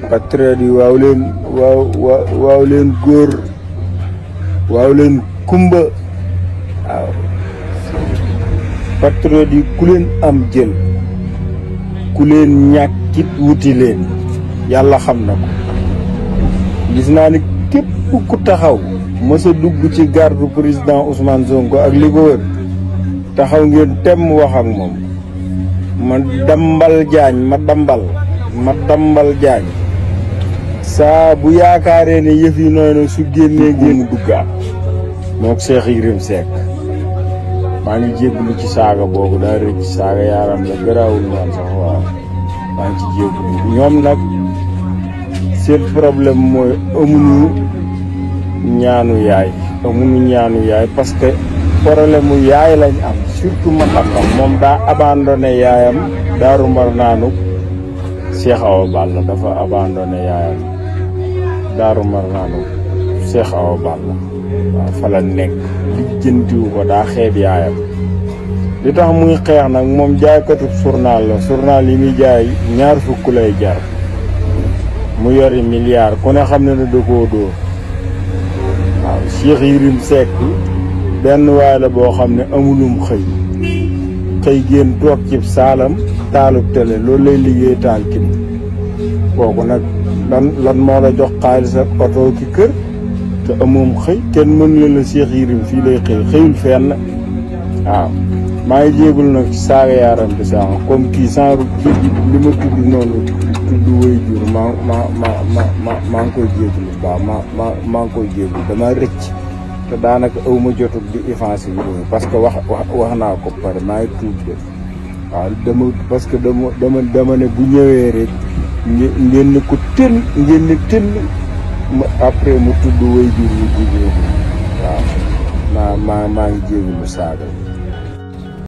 patriote yi waaw leen waaw waaw leen góor waaw leen kumba waaw yi ku leen am jël ku leen ñàkkit wuti leen yàlla xam na ko gis naa ni képp ku taxaw mës dugg ci garde président Ousmane Sonko ak li ko wër taxaw ngeen temm wax ak moom ma dambal jaañ ma dambal ma dambal jaañ saa bu yaakaaree ne yëf yi nooy na su génnee génn duggaat mook Cheikh Yérim Seck maa ngi jéggalu ci saaga boobu daa rëcc saaga yaaram la garaawul noonu sax waaw maa ngi ci jéggalu ñoom nag seen problème mooy amuñu ñaanu yaay amuñu ñaanu yaay parce que problème mu yaay lañ am surtout ma xam moom daa abandonné yaayam daaru mbar naanu Cheikh Awa Balla dafa abandonné yaayam Daaru Marnaanu Cheikh Awa Balla waaw fa la nekk lijjantiwu ko daa xeeb yaayam li tax muy xeex nag moom jaaykatub journal la journal yi muy jaay ñaar fukk lay jar mu yori milliard ku ne xam ne ne da koo dóor waaw Cheikh benn waay la boo xam ne amulum xëy xëy génn toog cib saalam taalub télé loolu lay liggéey taal kii kooku nag lan lan moo la jox xaalis ak oto ki kër te amoom xëy kenn mënu la Cheikh Yérim fii lay xëy xëyul fenn waaw maa ngi jéegul nag ci saaga yaaram bi sax comme kii sans kii li ma tudd noonu tudd way jur maa ma ma ma ma maa ngi koy jéegul waaw ma ma maa ngi koy jéegul dama rëcc te daanaka awma jotul di effacé bi parce que wax wax naa ko pare maa ngi tuub de waaw dama parce que dama dama dama ne bu ñëwee rek ngeen ne ko tënk ngeen ne ma après mu tudd way jur wu jigéen waaw maa maa maa ngi jéegi mu saaga